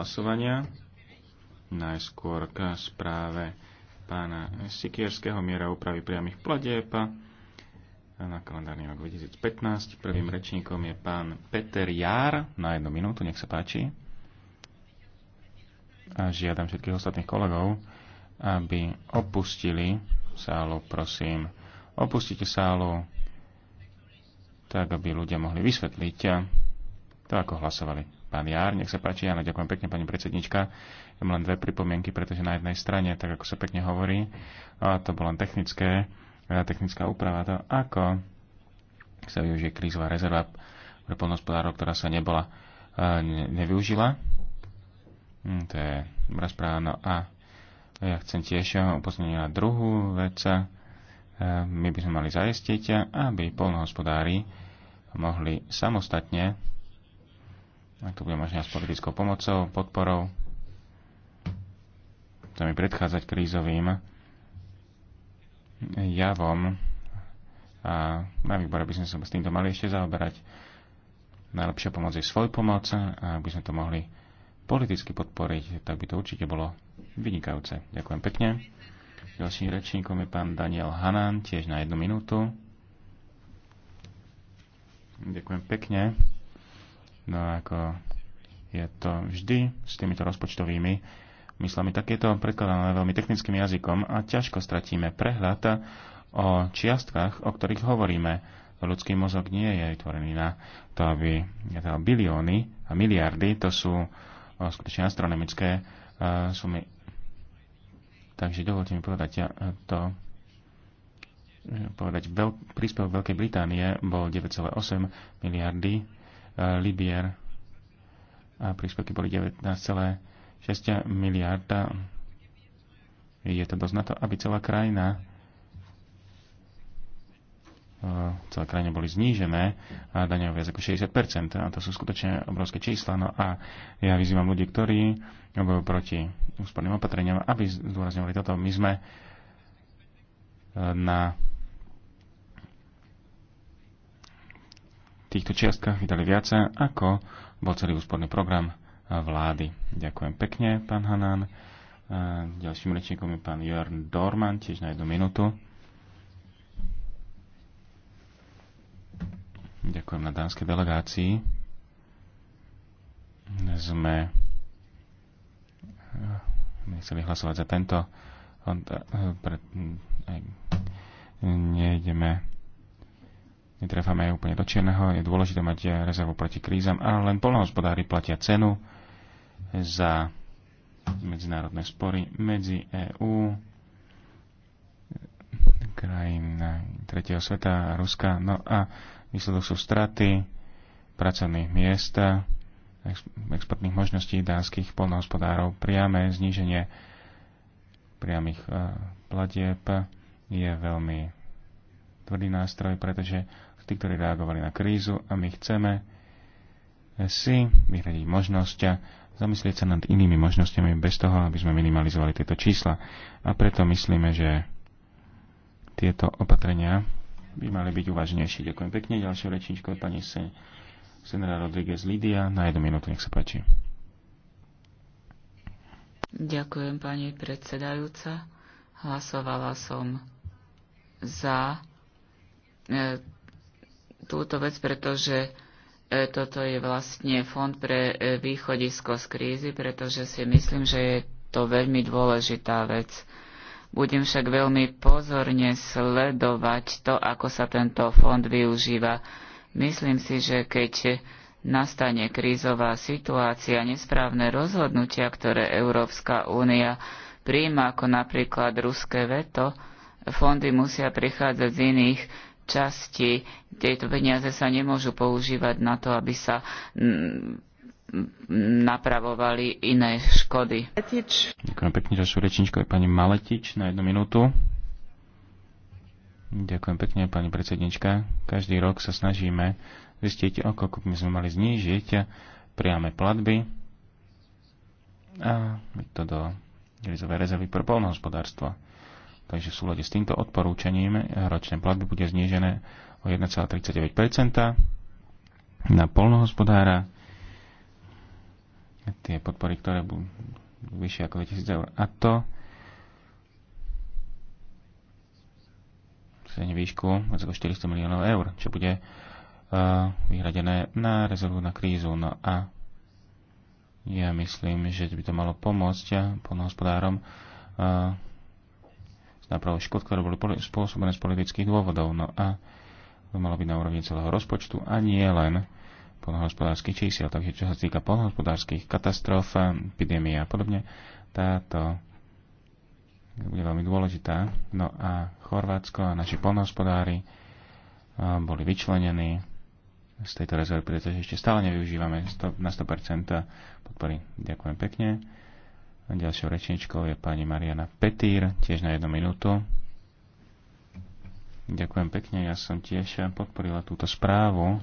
hlasovania. Najskôr k správe pána Sikierského miera úpravy priamých pladieb na kalendárny rok 2015. Prvým rečníkom je pán Peter Jár. Na jednu minútu, nech sa páči. A žiadam všetkých ostatných kolegov, aby opustili sálu, prosím. Opustite sálu, tak aby ľudia mohli vysvetliť to, ako hlasovali. Pán Jár, nech sa páči, áno, ďakujem pekne, pani predsednička. Ja mám len dve pripomienky, pretože na jednej strane, tak ako sa pekne hovorí, a to bolo len technické, e, technická úprava, to ako sa využije krízová rezerva pre polnospodárov, ktorá sa nebola, e, ne, nevyužila. Hm, to je dobrá správa. No a ja chcem tiež e, upozorniť na druhú vec. My by sme mali zajistiť, aby polnohospodári mohli samostatne ak to bude možné s politickou pomocou, podporou, to mi predchádzať krízovým javom. A na výbore by sme sa s týmto mali ešte zaoberať. Najlepšia pomoc je svoj pomoc a ak by sme to mohli politicky podporiť, tak by to určite bolo vynikajúce. Ďakujem pekne. Ďalším rečníkom je pán Daniel Hanan, tiež na jednu minútu. Ďakujem pekne. No ako je to vždy s týmito rozpočtovými myslami, tak je to predkladané veľmi technickým jazykom a ťažko stratíme prehľad o čiastkách, o ktorých hovoríme. Ľudský mozog nie je vytvorený na to, aby to bilióny a miliardy, to sú e, skutočne astronomické e, sumy. Takže dovolte mi povedať ja e, to, povedať, veľ, príspevok Veľkej Británie bol 9,8 miliardy libier a príspevky boli 19,6 miliarda. Je to dosť na to, aby celá krajina e, celá krajine boli znížené a daňov viac ako 60%. A to sú skutočne obrovské čísla. No a ja vyzývam ľudí, ktorí bojujú proti úsporným opatreniam, aby zdôrazňovali toto. My sme e, na týchto čiastkách vydali viac, ako bol celý úsporný program vlády. Ďakujem pekne, pán Hanán. Ďalším rečníkom je pán Jörn Dorman, tiež na jednu minútu. Ďakujem na dánskej delegácii. Sme nechceli hlasovať za tento. Nejdeme netrefáme úplne do čierneho. Je dôležité mať eh, rezervu proti krízam, ale len polnohospodári platia cenu za medzinárodné spory medzi EÚ, krajín tretieho sveta a Ruska. No a výsledok sú straty pracovných miest, exportných možností dánskych polnohospodárov, priame zníženie priamých eh, platieb je veľmi tvrdý nástroj, pretože tí, ktorí reagovali na krízu a my chceme si vyhradiť možnosť a zamyslieť sa nad inými možnosťami bez toho, aby sme minimalizovali tieto čísla. A preto myslíme, že tieto opatrenia by mali byť uvážnejšie. Ďakujem pekne. Ďalšie rečničko je pani Senra Rodriguez Lidia. Na jednu minútu, nech sa páči. Ďakujem, pani predsedajúca. Hlasovala som za E, túto vec, pretože e, toto je vlastne fond pre e, východisko z krízy, pretože si myslím, že je to veľmi dôležitá vec. Budem však veľmi pozorne sledovať to, ako sa tento fond využíva. Myslím si, že keď nastane krízová situácia, nesprávne rozhodnutia, ktoré Európska únia príjma, ako napríklad ruské veto, fondy musia prichádzať z iných časti tieto peniaze sa nemôžu používať na to, aby sa mm, mm, napravovali iné škody. Ďakujem pekne, za sú aj pani Maletič na jednu minútu. Ďakujem pekne, pani predsednička. Každý rok sa snažíme zistiť, o koľko by sme mali znížiť priame platby a to do rezervy pre polnohospodárstvo. Takže v súlade s týmto odporúčaním ročné platby bude znížené o 1,39 na polnohospodára. Tie podpory, ktoré budú vyššie ako 2000 eur. A to cene výšku viac ako 400 miliónov eur, čo bude uh, vyhradené na rezervu na krízu. No a ja myslím, že by to malo pomôcť polnohospodárom uh, napravil škod, ktoré boli spôsobené z politických dôvodov. No a to malo byť na úrovni celého rozpočtu a nie len polnohospodárskych čísiel. Takže čo sa týka polnohospodárskych katastrof, epidémie a podobne, táto bude veľmi dôležitá. No a Chorvátsko a naši polnohospodári boli vyčlenení z tejto rezervy, pretože ešte stále nevyužívame na 100% podpory. Ďakujem pekne. A ďalšou rečničkou je pani Mariana Petýr, tiež na jednu minútu. Ďakujem pekne, ja som tiež podporila túto správu.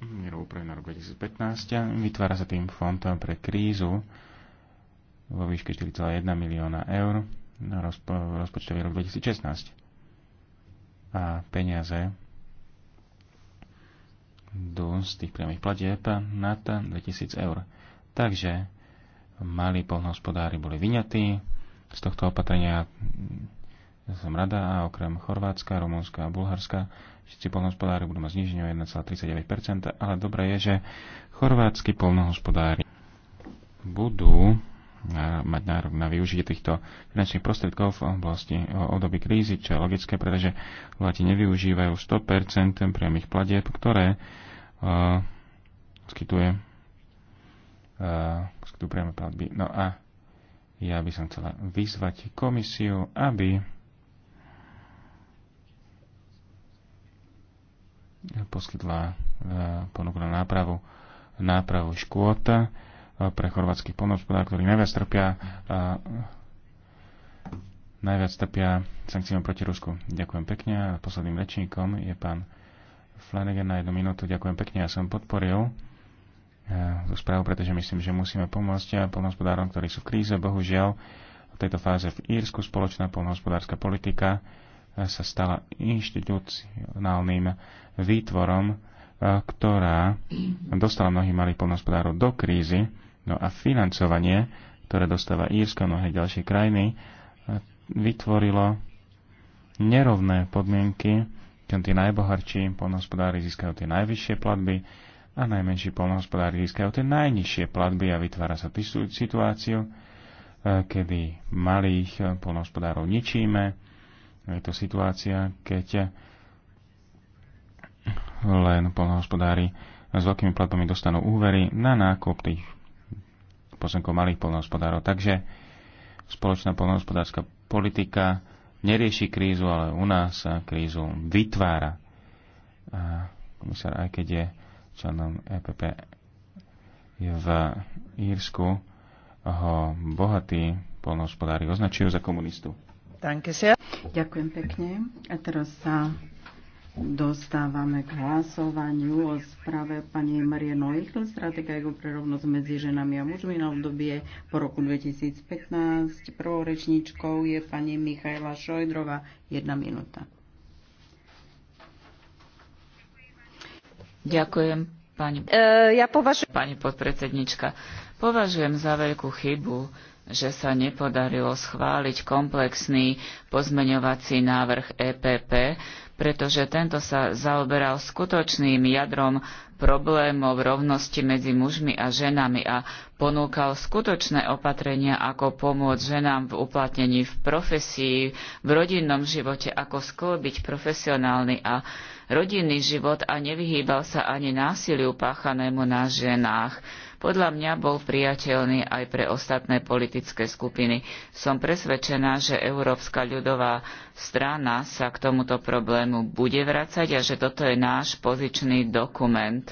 Mierovú pre na rok 2015. Vytvára sa tým fond pre krízu vo výške 4,1 milióna eur na rozpo- rozpočtový rok 2016. A peniaze do z tých priamých platieb na 2000 eur. Takže malí polnohospodári boli vyňatí z tohto opatrenia. Ja som rada a okrem Chorvátska, Rumunska a Bulharska všetci polnohospodári budú mať zniženie o 1,39%, ale dobré je, že chorvátsky polnohospodári budú mať nárok na využitie týchto finančných prostriedkov v oblasti období krízy, čo je logické, pretože vláti nevyužívajú 100% priamých platieb, ktoré uh, skytuje uh, priame platby. No a ja by som chcela vyzvať komisiu, aby poskytla uh, ponuku na nápravu, nápravu uh, pre chorvátskych polnohospodárov, ktorí najviac trpia uh, najviac trpia sankciami proti Rusku. Ďakujem pekne. A posledným rečníkom je pán Flanagan na jednu minútu. Ďakujem pekne. Ja som podporil E, tú správu, pretože myslím, že musíme pomôcť polnohospodárom, ktorí sú v kríze. Bohužiaľ, v tejto fáze v Írsku spoločná polnohospodárska politika e, sa stala inštitucionálnym výtvorom, e, ktorá dostala mnohých malých polnohospodárov do krízy. No a financovanie, ktoré dostáva Írsko a mnohé ďalšie krajiny, vytvorilo nerovné podmienky, keď tí najbohatší polnohospodári získajú tie najvyššie platby, a najmenší polnohospodár získajú tie najnižšie platby a vytvára sa tú situáciu, e, kedy malých e, polnohospodárov ničíme. Je to situácia, keď len polnohospodári s veľkými platbami dostanú úvery na nákup tých pozemkov malých polnohospodárov. Takže spoločná polnohospodárska politika nerieši krízu, ale u nás krízu vytvára. A komisár, aj keď je členom EPP v Írsku, ho bohatí polnohospodári označujú za komunistu. Ďakujem pekne. A teraz sa dostávame k hlasovaniu o správe pani Marie Noichl, stratégia jeho prerovnosť medzi ženami a mužmi na obdobie po roku 2015. Prvou rečníčkou je pani Michaela Šojdrova. Jedna minúta. Ďakujem, pani, e, ja považujem... pani podpredsednička. Považujem za veľkú chybu, že sa nepodarilo schváliť komplexný pozmeňovací návrh EPP, pretože tento sa zaoberal skutočným jadrom problémov rovnosti medzi mužmi a ženami a ponúkal skutočné opatrenia, ako pomôcť ženám v uplatnení v profesii, v rodinnom živote, ako sklobiť profesionálny a rodinný život a nevyhýbal sa ani násiliu páchanému na ženách. Podľa mňa bol priateľný aj pre ostatné politické skupiny. Som presvedčená, že Európska ľudová strana sa k tomuto problému bude vracať a že toto je náš pozičný dokument.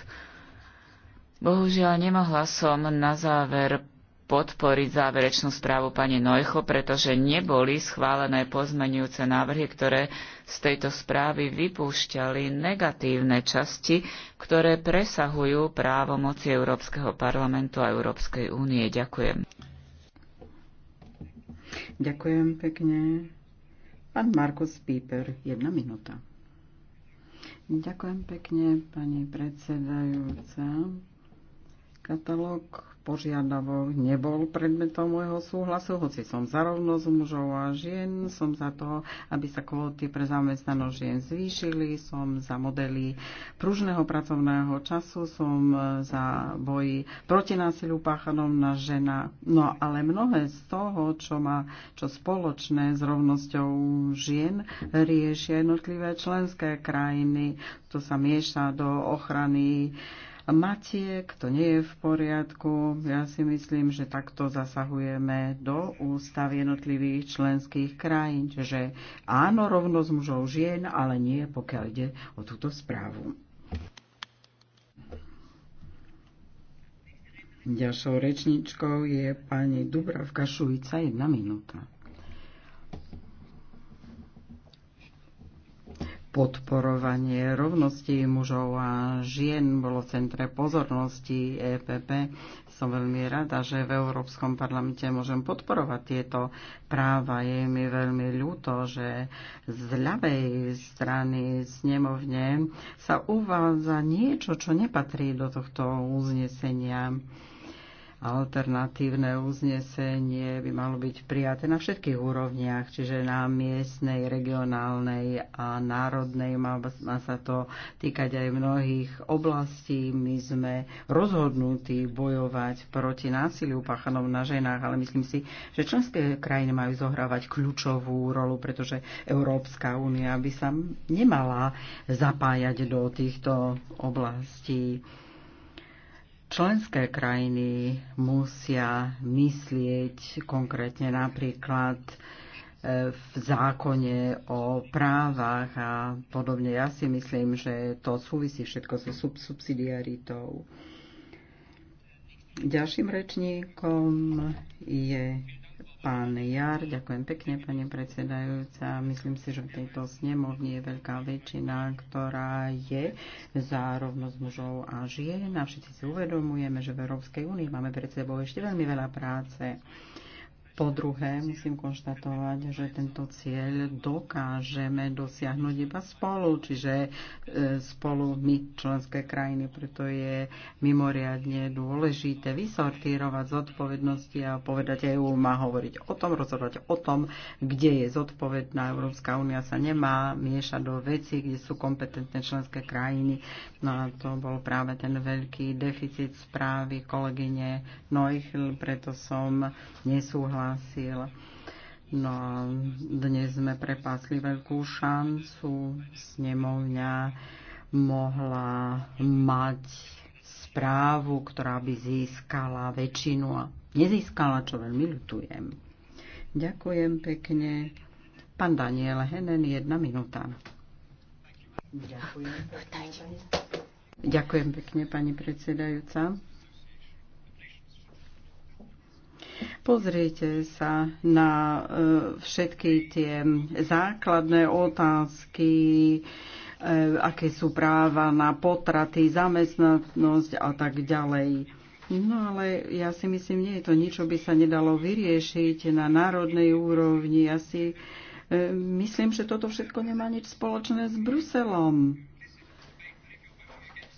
Bohužiaľ, nemohla som na záver podporiť záverečnú správu pani Nojcho, pretože neboli schválené pozmenujúce návrhy, ktoré z tejto správy vypúšťali negatívne časti, ktoré presahujú právomoci Európskeho parlamentu a Európskej únie. Ďakujem. Ďakujem pekne. Pán Markus Píper, jedna minúta. Ďakujem pekne, pani predsedajúca. Katalóg požiadavok nebol predmetom môjho súhlasu, hoci som za rovnosť mužov a žien, som za to, aby sa kvóty pre zamestnanosť žien zvýšili, som za modely pružného pracovného času, som za boj proti násiliu páchanom na žena. No ale mnohé z toho, čo má čo spoločné s rovnosťou žien, riešia jednotlivé členské krajiny. To sa mieša do ochrany matiek, to nie je v poriadku. Ja si myslím, že takto zasahujeme do ústav jednotlivých členských krajín. Čiže áno, rovnosť mužov žien, ale nie pokiaľ ide o túto správu. Ďalšou rečničkou je pani Dubravka Šujica, jedna minúta. podporovanie rovnosti mužov a žien bolo v centre pozornosti EPP. Som veľmi rada, že v Európskom parlamente môžem podporovať tieto práva. Je mi veľmi ľúto, že z ľavej strany snemovne sa uvádza niečo, čo nepatrí do tohto uznesenia alternatívne uznesenie by malo byť prijaté na všetkých úrovniach, čiže na miestnej, regionálnej a národnej. Má, má sa to týkať aj mnohých oblastí. My sme rozhodnutí bojovať proti násiliu páchanom na ženách, ale myslím si, že členské krajiny majú zohrávať kľúčovú rolu, pretože Európska únia by sa nemala zapájať do týchto oblastí Členské krajiny musia myslieť konkrétne napríklad e, v zákone o právach a podobne. Ja si myslím, že to súvisí všetko so subsidiaritou. Ďalším rečníkom je Pán Jar, ďakujem pekne, pani predsedajúca. Myslím si, že v tejto snemovni je veľká väčšina, ktorá je za rovnosť mužov a žien. A všetci si uvedomujeme, že v Európskej únii máme pred sebou ešte veľmi veľa práce. Po druhé, musím konštatovať, že tento cieľ dokážeme dosiahnuť iba spolu, čiže e, spolu my, členské krajiny, preto je mimoriadne dôležité vysortírovať zodpovednosti a povedať EU má hovoriť o tom, rozhodovať o tom, kde je zodpovedná. Európska únia sa nemá miešať do veci, kde sú kompetentné členské krajiny. No a to bol práve ten veľký deficit správy kolegyne Neuchl, preto som nesúhlasila prihlásil. No a dnes sme prepásli veľkú šancu. Snemovňa mohla mať správu, ktorá by získala väčšinu a nezískala, čo veľmi ľutujem. Ďakujem pekne. Pán Daniel Henen, jedna minúta. Ďakujem. Ďakujem pekne, pani predsedajúca. Pozrite sa na e, všetky tie základné otázky, e, aké sú práva na potraty, zamestnanosť a tak ďalej. No ale ja si myslím, nie je to nič, čo by sa nedalo vyriešiť na národnej úrovni. Ja si e, myslím, že toto všetko nemá nič spoločné s Bruselom.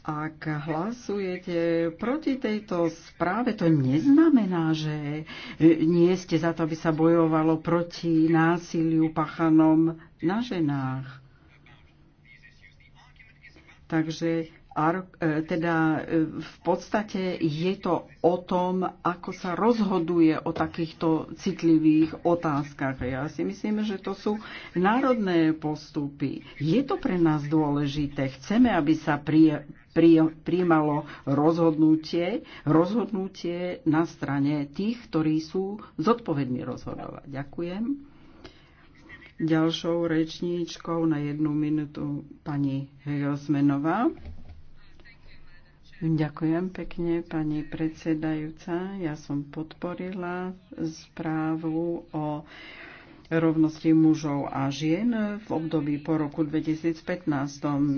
Ak hlasujete proti tejto správe, to neznamená, že e, nie ste za to, aby sa bojovalo proti násiliu pachanom na ženách. Takže E, teda e, v podstate je to o tom, ako sa rozhoduje o takýchto citlivých otázkach. Ja si myslím, že to sú národné postupy. Je to pre nás dôležité. Chceme, aby sa pri, príjmalo rozhodnutie, rozhodnutie na strane tých, ktorí sú zodpovední rozhodovať. Ďakujem. Ďalšou rečníčkou na jednu minútu pani Hegelsmenová. Ďakujem pekne, pani predsedajúca. Ja som podporila správu o rovnosti mužov a žien v období po roku 2015.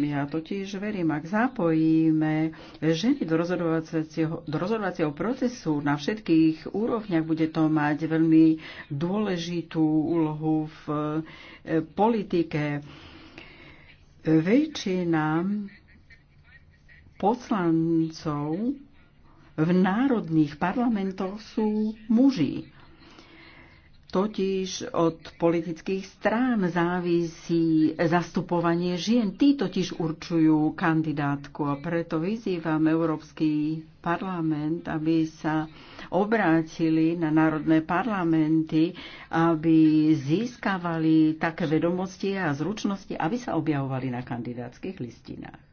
Ja totiž verím, ak zapojíme ženy do rozhodovacieho, do rozhodovacieho procesu na všetkých úrovniach, bude to mať veľmi dôležitú úlohu v e, politike. Väčšina poslancov v národných parlamentoch sú muži. Totiž od politických strán závisí zastupovanie žien. Tí totiž určujú kandidátku a preto vyzývam Európsky parlament, aby sa obrátili na národné parlamenty, aby získavali také vedomosti a zručnosti, aby sa objavovali na kandidátskych listinách.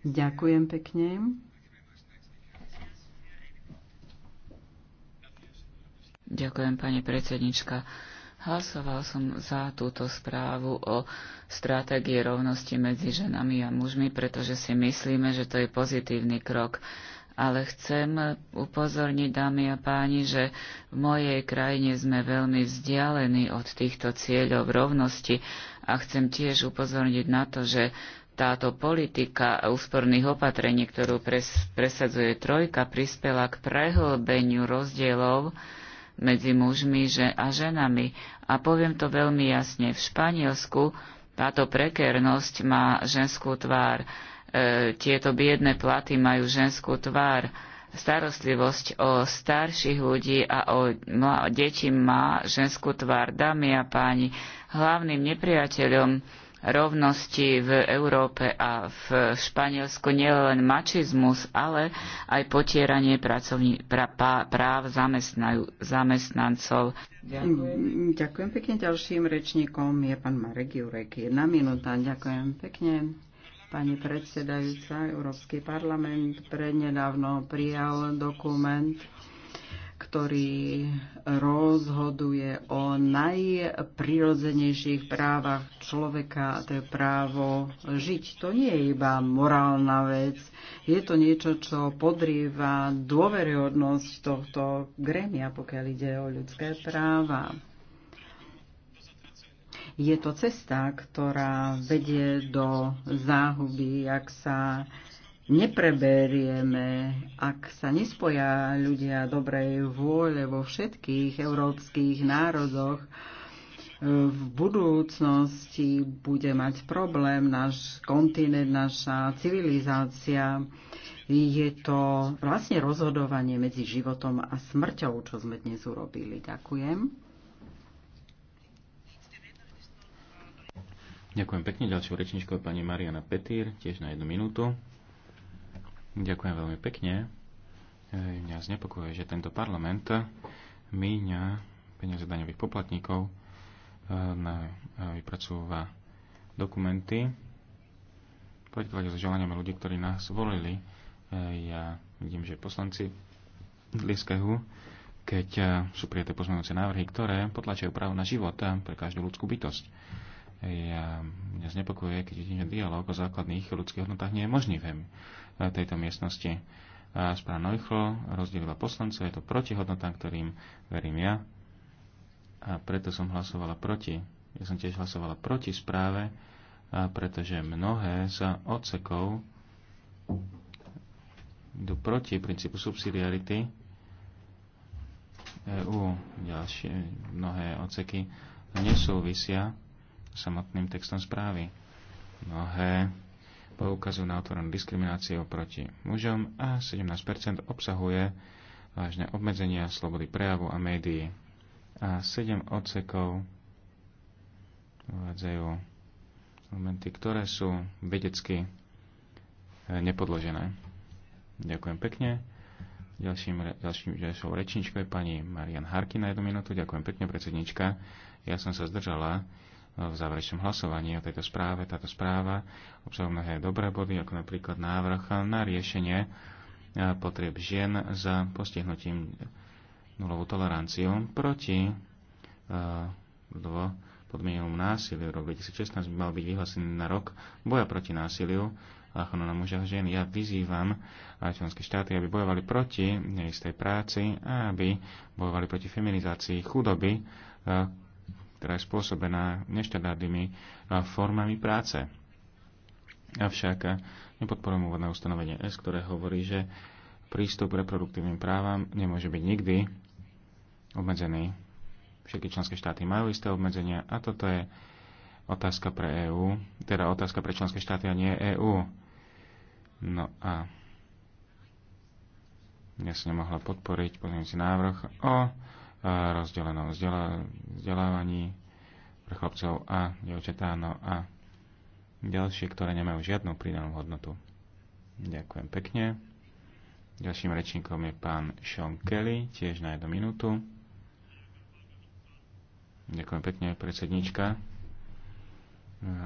Ďakujem pekne. Ďakujem, pani predsednička. Hlasoval som za túto správu o stratégie rovnosti medzi ženami a mužmi, pretože si myslíme, že to je pozitívny krok. Ale chcem upozorniť, dámy a páni, že v mojej krajine sme veľmi vzdialení od týchto cieľov rovnosti a chcem tiež upozorniť na to, že táto politika úsporných opatrení, ktorú presadzuje Trojka, prispela k prehlbeniu rozdielov medzi mužmi a ženami. A poviem to veľmi jasne, v Španielsku táto prekernosť má ženskú tvár. E, tieto biedne platy majú ženskú tvár. Starostlivosť o starších ľudí a o deti má ženskú tvár. Dámy a páni, hlavným nepriateľom rovnosti v Európe a v Španielsku nie len mačizmus, ale aj potieranie pracovní, pra, práv zamestnancov. Ďakujem. Ďakujem pekne. Ďalším rečníkom je pán Marek Jurek. Jedna minúta. Ďakujem pekne. Pani predsedajúca, Európsky parlament prednedávno prijal dokument ktorý rozhoduje o najprirodzenejších právach človeka, a to je právo žiť. To nie je iba morálna vec, je to niečo, čo podrýva dôveryhodnosť tohto gremia, pokiaľ ide o ľudské práva. Je to cesta, ktorá vedie do záhuby, ak sa nepreberieme, ak sa nespoja ľudia dobrej vôle vo všetkých európskych národoch, v budúcnosti bude mať problém náš kontinent, naša civilizácia. Je to vlastne rozhodovanie medzi životom a smrťou, čo sme dnes urobili. Ďakujem. Ďakujem pekne. Ďalšou rečničkou je pani Mariana Petýr, tiež na jednu minútu. Ďakujem veľmi pekne. Mňa znepokojuje, že tento parlament míňa peniaze daňových poplatníkov e, na e, vypracúva dokumenty poďkovať s želaniami ľudí, ktorí nás volili. E, ja vidím, že poslanci Lieskehu, keď sú prijaté pozmeňujúce návrhy, ktoré potlačajú právo na život pre každú ľudskú bytosť ja, mňa znepokojuje, keď vidím, že dialog o základných ľudských hodnotách nie je možný v eh, tejto miestnosti. A správa rozdiel rozdelila poslancov, je to proti hodnotám, ktorým verím ja. A preto som hlasovala proti. Ja som tiež hlasovala proti správe, a pretože mnohé sa odsekov idú proti princípu subsidiarity EU. Ďalšie mnohé odseky nesúvisia samotným textom správy. Mnohé poukazujú na otvorenú diskrimináciu proti mužom a 17% obsahuje vážne obmedzenia slobody prejavu a médií. A 7 odsekov uvádzajú momenty, ktoré sú vedecky eh, nepodložené. Ďakujem pekne. Ďalším, ďalším, ďalšou rečničkou je pani Marian Harky na jednu minútu. Ďakujem pekne, predsednička. Ja som sa zdržala v záverečnom hlasovaní o tejto správe. Táto správa obsahuje mnohé dobré body, ako napríklad návrh na riešenie eh, potrieb žien za postihnutím nulovú toleranciu proti dvo eh, podmienenom násiliu. Rok 2016 by mal byť vyhlásený na rok boja proti násiliu páchanom na muža a žien. Ja vyzývam členské štáty, aby bojovali proti neistej práci a aby bojovali proti feminizácii chudoby, eh, ktorá je spôsobená neštandardnými e, formami práce. Avšak e, nepodporujem úvodné ustanovenie S, ktoré hovorí, že prístup k reproduktívnym právam nemôže byť nikdy obmedzený. Všetky členské štáty majú isté obmedzenia a toto je otázka pre EÚ, teda otázka pre členské štáty a nie EÚ. No a ja som nemohla podporiť pozmeňujúci návrh o rozdelenom vzdelávaní pre chlapcov a dievčatá, no a ďalšie, ktoré nemajú žiadnu pridanú hodnotu. Ďakujem pekne. Ďalším rečníkom je pán Sean Kelly, tiež na jednu minútu. Ďakujem pekne, predsednička.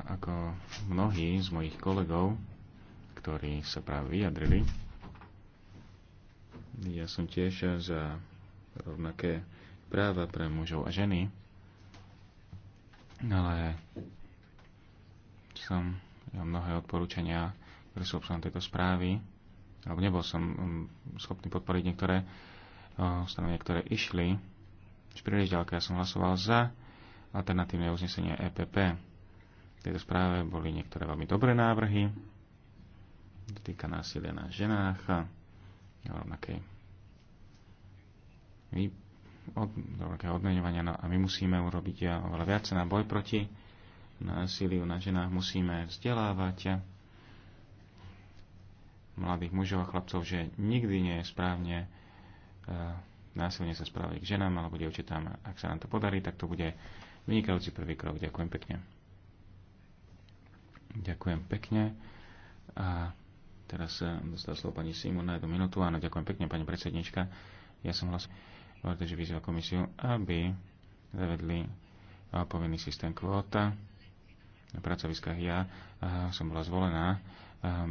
Ako mnohí z mojich kolegov, ktorí sa práve vyjadrili, ja som tiež za rovnaké práva pre mužov a ženy, ale som mnohé odporúčania, ktoré sú obsahom tejto správy, alebo nebol som mm, schopný podporiť niektoré strany, ktoré išli či príliš ďaleko. Ja som hlasoval za alternatívne uznesenie EPP. V tejto správe boli niektoré veľmi dobré návrhy, dotýka násilia na ženách a rovnakej od, veľkého odmeňovania no, a my musíme urobiť oveľa viac na boj proti násiliu na ženách. Musíme vzdelávať mladých mužov a chlapcov, že nikdy nie je správne e, násilne sa správať k ženám alebo dievčatám. Ak sa nám to podarí, tak to bude vynikajúci prvý krok. Ďakujem pekne. Ďakujem pekne. A teraz e, dostal slovo pani Simona jednu minútu. Áno, ďakujem pekne, pani predsednička. Ja som hlasoval takže vyzýva komisiu, aby zavedli povinný systém kvóta. Na pracoviskách ja som bola zvolená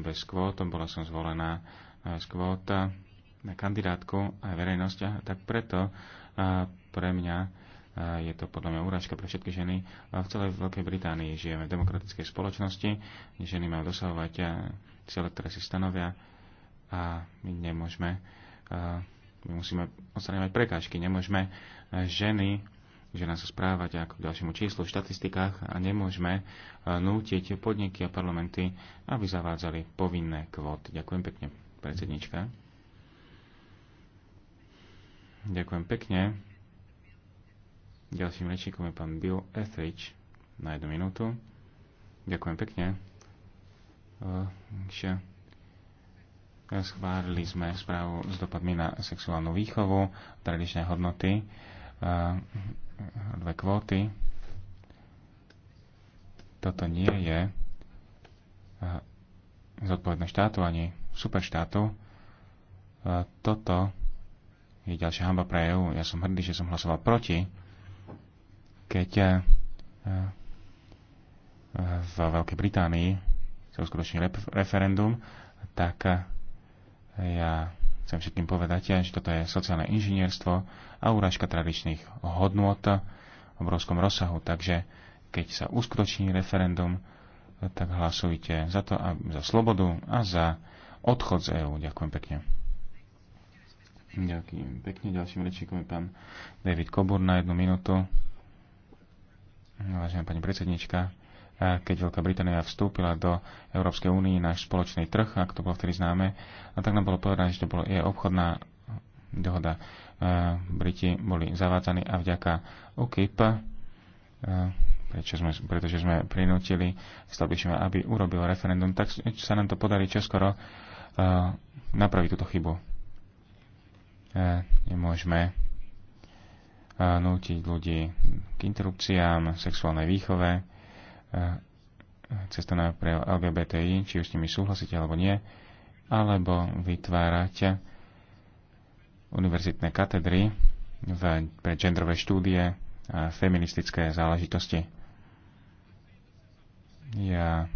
bez kvót, bola som zvolená z kvóta na kandidátku aj verejnosť, a tak preto pre mňa je to podľa mňa úražka pre všetky ženy. V celej Veľkej Británii žijeme v demokratickej spoločnosti, kde ženy majú dosahovať cieľe, ktoré si stanovia a my nemôžeme my musíme odstraňovať prekážky. Nemôžeme e, ženy, žena sa správať ako k ďalšiemu číslu v štatistikách a nemôžeme e, nútiť podniky a parlamenty, aby zavádzali povinné kvóty. Ďakujem pekne, predsednička. Ďakujem pekne. Ďalším rečníkom je pán Bill Etheridge na jednu minútu. Ďakujem pekne. Uh, Schválili sme správu s dopadmi na sexuálnu výchovu, tradičné hodnoty, eh, dve kvóty. Toto nie je eh, zodpovedné štátu ani superštátu. Eh, toto je ďalšia hamba pre EU. Ja som hrdý, že som hlasoval proti, keď v Veľkej Británii sa uskutoční referendum, tak ja chcem všetkým povedať, že toto je sociálne inžinierstvo a úražka tradičných hodnôt v obrovskom rozsahu. Takže keď sa uskutoční referendum, tak hlasujte za to, a, za slobodu a za odchod z EÚ. Ďakujem pekne. Ďakujem pekne. Ďalším rečníkom je pán David Kobur na jednu minútu. Vážená pani predsednička, keď Veľká Británia vstúpila do Európskej únie na spoločný trh, ak to bolo vtedy známe, a tak nám bolo povedané, že to bolo, je obchodná dohoda. Briti boli zavádzaní a vďaka UKIP, prečo sme, pretože sme prinútili Stolbišima, aby urobil referendum, tak sa nám to podarí čoskoro napraviť túto chybu. Nemôžeme nútiť ľudí k interrupciám, sexuálnej výchove, cestovná pre LGBTI, či už s nimi súhlasíte alebo nie, alebo vytvárať univerzitné katedry v, pre genderové štúdie a feministické záležitosti. Ja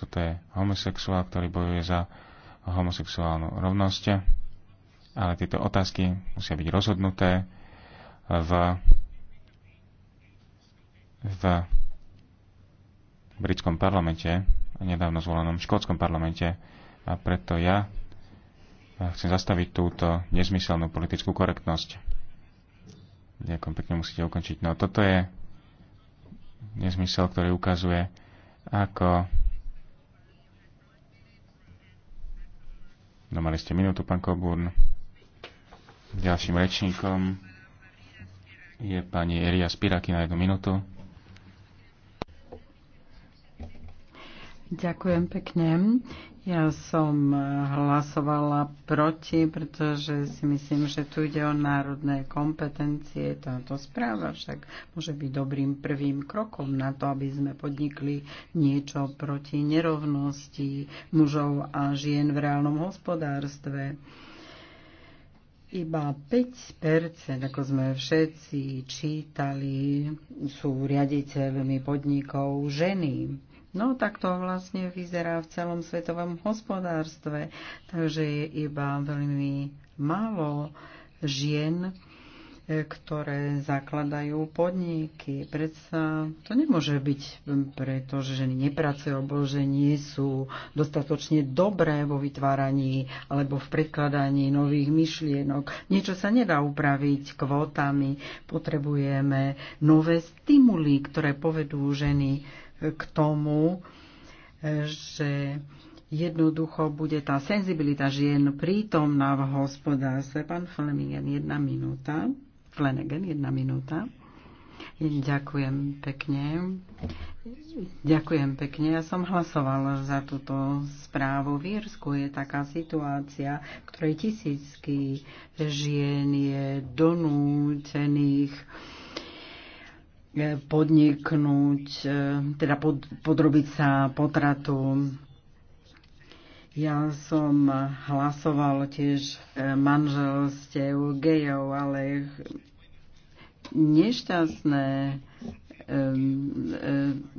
toto je homosexuál, ktorý bojuje za homosexuálnu rovnosť, ale tieto otázky musia byť rozhodnuté v v britskom parlamente, nedávno zvolenom škótskom parlamente a preto ja chcem zastaviť túto nezmyselnú politickú korektnosť. Ďakujem pekne, musíte ukončiť. No toto je nezmysel, ktorý ukazuje, ako... No mali ste minútu, pán Coburn. Ďalším rečníkom je pani Eria Spiraky na jednu minútu. Ďakujem pekne. Ja som hlasovala proti, pretože si myslím, že tu ide o národné kompetencie. Táto správa však môže byť dobrým prvým krokom na to, aby sme podnikli niečo proti nerovnosti mužov a žien v reálnom hospodárstve iba 5%, ako sme všetci čítali, sú riaditeľmi podnikov ženy. No tak to vlastne vyzerá v celom svetovom hospodárstve. Takže je iba veľmi málo žien, e, ktoré zakladajú podniky. Predsa to nemôže byť, pretože ženy nepracujú, alebo že nie sú dostatočne dobré vo vytváraní alebo v predkladaní nových myšlienok. Niečo sa nedá upraviť kvótami. Potrebujeme nové stimuly, ktoré povedú ženy k tomu, že jednoducho bude tá senzibilita žien prítomná v hospodárstve. Pán Flemingen, jedna minúta. Flanagan, jedna minúta. Ďakujem pekne. Ďakujem pekne. Ja som hlasovala za túto správu. V Írsku je taká situácia, v ktorej tisícky žien je donútených E, podniknúť, e, teda pod, podrobiť sa potratu. Ja som hlasoval tiež e, manželstiev gejov, ale nešťastné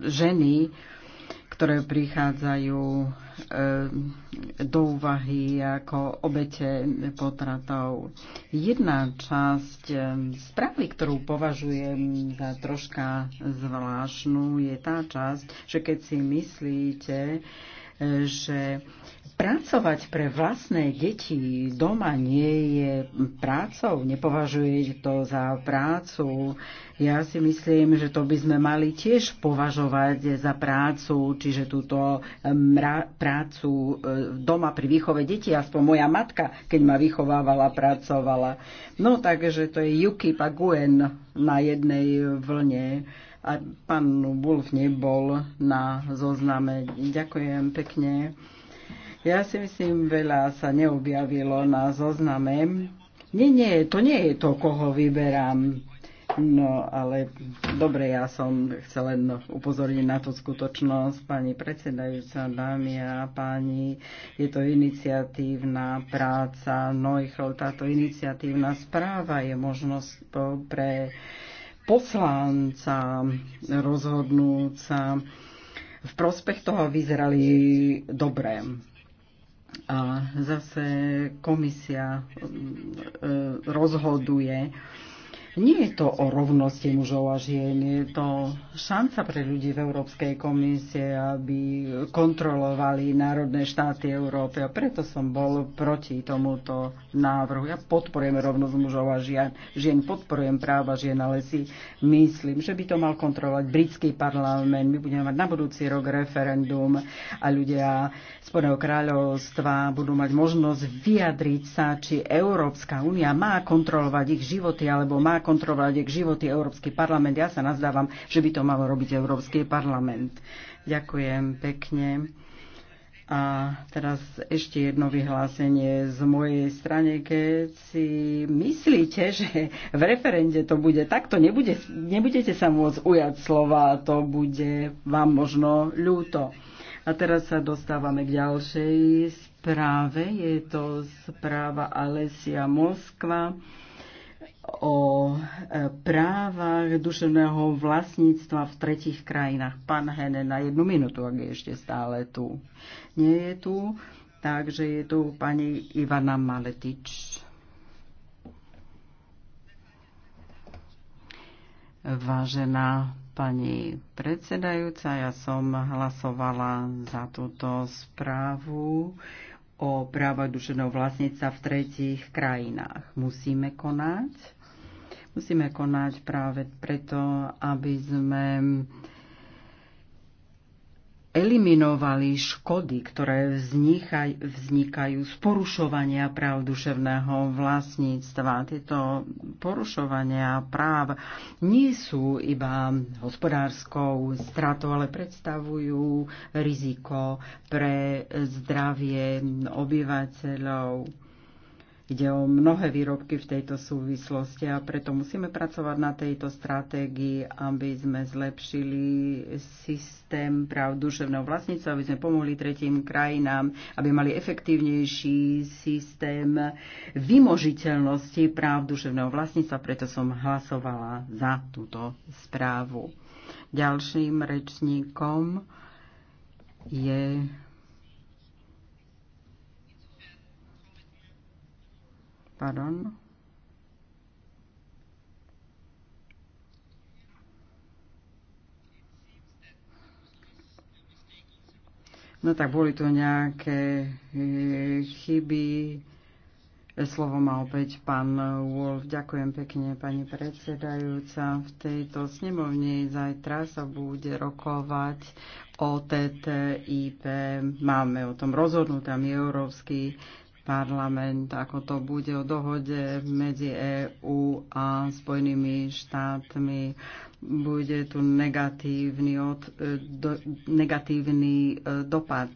ženy, ktoré prichádzajú Eh, do úvahy ako obete potratov. Jedna časť eh, správy, ktorú považujem za troška zvláštnu, je tá časť, že keď si myslíte, že pracovať pre vlastné deti doma nie je prácou, nepovažuje to za prácu. Ja si myslím, že to by sme mali tiež považovať za prácu, čiže túto prácu e, doma pri výchove detí, aspoň moja matka, keď ma vychovávala, pracovala. No takže to je Yuki Paguen na jednej vlne a pán Wolf nebol na zozname. Ďakujem pekne. Ja si myslím, veľa sa neobjavilo na zozname. Nie, nie, to nie je to, koho vyberám. No, ale dobre, ja som chcel len upozorniť na tú skutočnosť. Pani predsedajúca, dámy a páni, je to iniciatívna práca Neuchl. Táto iniciatívna správa je možnosť pre poslanca rozhodnúca sa v prospech toho vyzerali dobré. A zase komisia mm, e, rozhoduje nie je to o rovnosti mužov a žien, je to šanca pre ľudí v Európskej komisie, aby kontrolovali národné štáty Európy a preto som bol proti tomuto návrhu. Ja podporujem rovnosť mužov a žien, žien podporujem práva žien, ale si myslím, že by to mal kontrolovať britský parlament. My budeme mať na budúci rok referendum a ľudia Spodného kráľovstva budú mať možnosť vyjadriť sa, či Európska únia má kontrolovať ich životy alebo má kontrolovať k životy Európsky parlament. Ja sa nazdávam, že by to malo robiť Európsky parlament. Ďakujem pekne. A teraz ešte jedno vyhlásenie z mojej strany. Keď si myslíte, že v referende to bude takto, nebude, nebudete sa môcť ujať slova, to bude vám možno ľúto. A teraz sa dostávame k ďalšej správe. Je to správa Alesia Moskva o e, právach duševného vlastníctva v tretich krajinách. Pán Hene, na jednu minútu, ak je ešte stále tu. Nie je tu, takže je tu pani Ivana Maletič. Vážená pani predsedajúca, ja som hlasovala za túto správu o právach duševného vlastníca v tretích krajinách. Musíme konať Musíme konať práve preto, aby sme eliminovali škody, ktoré vznikaj, vznikajú z porušovania práv duševného vlastníctva. Tieto porušovania práv nie sú iba hospodárskou stratou, ale predstavujú riziko pre zdravie obyvateľov Ide o mnohé výrobky v tejto súvislosti a preto musíme pracovať na tejto stratégii, aby sme zlepšili systém práv duševného vlastníctva, aby sme pomohli tretím krajinám, aby mali efektívnejší systém vymožiteľnosti práv duševného vlastníctva. Preto som hlasovala za túto správu. Ďalším rečníkom je Pardon. No tak boli tu nejaké e, chyby. Slovo má opäť pán Wolf. Ďakujem pekne, pani predsedajúca. V tejto snemovni zajtra sa bude rokovať o TTIP. Máme o tom rozhodnutý Európsky parlament, ako to bude o dohode medzi EÚ a Spojenými štátmi. Bude tu negatívny, od, e, do, negatívny e, dopad.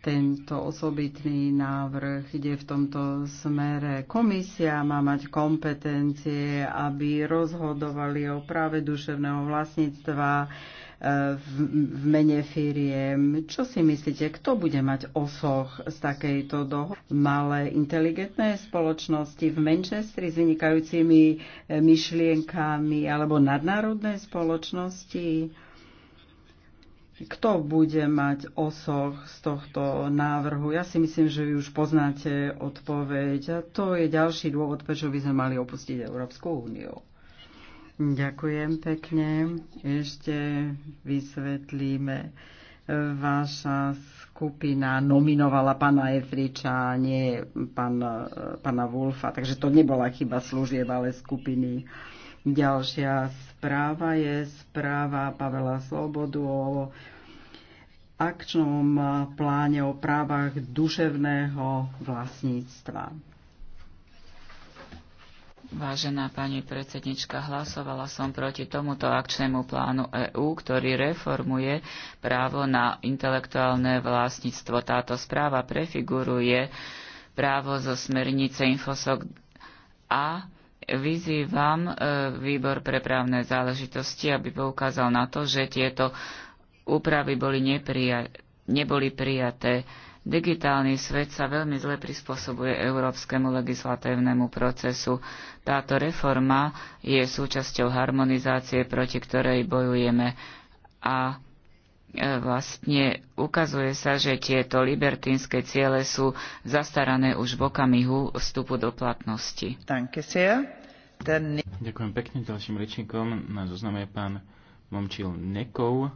Tento osobitný návrh ide v tomto smere. Komisia má mať kompetencie, aby rozhodovali o práve duševného vlastníctva v, v mene firiem. Čo si myslíte, kto bude mať osoch z takejto dohody? Malé inteligentné spoločnosti v Manchestri s vynikajúcimi eh, myšlienkami alebo nadnárodné spoločnosti? Kto bude mať osoch z tohto návrhu? Ja si myslím, že vy už poznáte odpoveď a to je ďalší dôvod, prečo by sme mali opustiť Európsku úniu. Ďakujem pekne. Ešte vysvetlíme. Vaša skupina nominovala pana Efriča, nie pana pana Wolfa, takže to nebola chyba služieb, ale skupiny. Ďalšia správa je správa Pavela Slobodu o akčnom pláne o právach duševného vlastníctva. Vážená pani predsednička, hlasovala som proti tomuto akčnému plánu EÚ, ktorý reformuje právo na intelektuálne vlastníctvo. Táto správa prefiguruje právo zo smernice Infosok a vyzývam e, výbor pre právne záležitosti, aby poukázal na to, že tieto úpravy boli neboli prijaté Digitálny svet sa veľmi zle prispôsobuje európskemu legislatívnemu procesu. Táto reforma je súčasťou harmonizácie, proti ktorej bojujeme. A e, vlastne ukazuje sa, že tieto libertínske ciele sú zastarané už v okamihu vstupu do platnosti. Ďakujem pekne. Ďalším rečníkom na zozname je pán Momčil Nekov.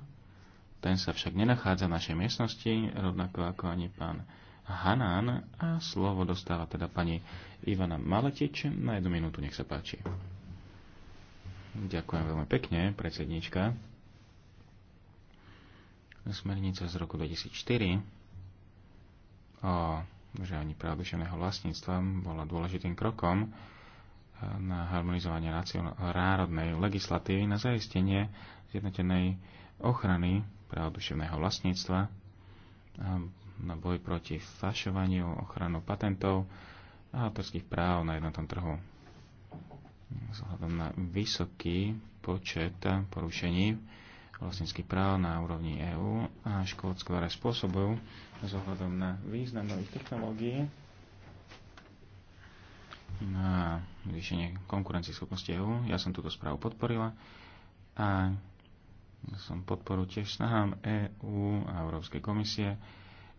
Ten sa však nenachádza v našej miestnosti, rovnako ako ani pán Hanán. A slovo dostáva teda pani Ivana Maletič. Na jednu minútu, nech sa páči. Ďakujem veľmi pekne, predsednička. Smernica z roku 2004 o užívaní práv duševného vlastníctva bola dôležitým krokom na harmonizovanie národnej legislatívy na zaistenie zjednotenej ochrany práv duševného vlastníctva, na boj proti fašovaniu, ochranu patentov a autorských práv na jednotnom trhu. Vzhľadom na vysoký počet porušení vlastníckých práv na úrovni EÚ a Škótsko, ktoré spôsobujú vzhľadom na význam nových technológií, na zvýšenie schopnosti EÚ. Ja som túto správu podporila a som podporu tiež snahám EÚ EU a Európskej komisie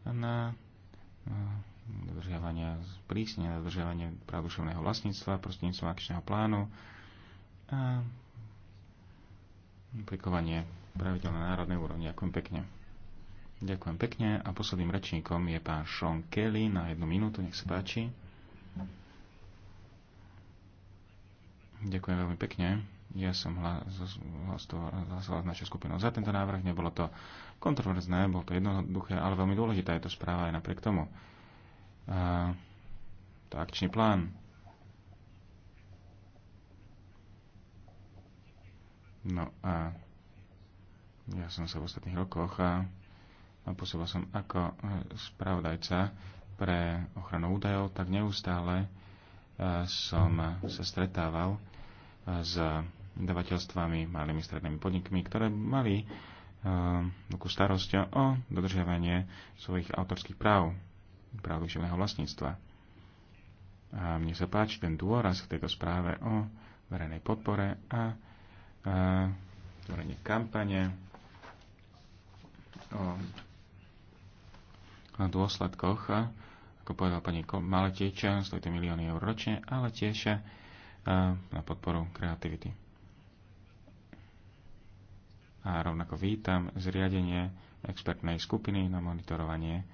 na dodržiavanie prísne na dodržiavanie práv vlastníctva, prostredníctvom akčného plánu a aplikovanie pravidel na národnej úrovni. Ďakujem pekne. Ďakujem pekne a posledným rečníkom je pán Sean Kelly na jednu minútu, nech sa páči. Ďakujem veľmi pekne. Ja som hlasoval našu skupinou za tento návrh, nebolo to kontroverzné, bolo to jednoduché, ale veľmi dôležitá je to správa aj napriek tomu. A, to akčný plán. No a ja som sa v ostatných rokoch a, a posúval som ako e, spravodajca pre ochranu údajov, tak neustále e, som sa stretával e, s dodavateľstvami, malými strednými podnikmi, ktoré mali uh, starosť o dodržiavanie svojich autorských práv, práv duševného vlastníctva. A mne sa páči ten dôraz v tejto správe o verejnej podpore a eh, tvorenie kampane, o, o dôsledkoch, eh, ako povedal pani Maletieča, stojí to milióny eur ročne, ale tiež na podporu kreativity a rovnako vítam zriadenie expertnej skupiny na monitorovanie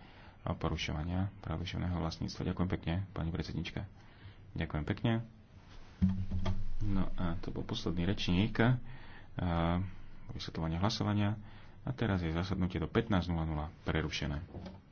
a porušovania práv vlastníctva. Ďakujem pekne, pani predsednička. Ďakujem pekne. No a to bol posledný rečník vysvetovania hlasovania a teraz je zasadnutie do 15.00 prerušené.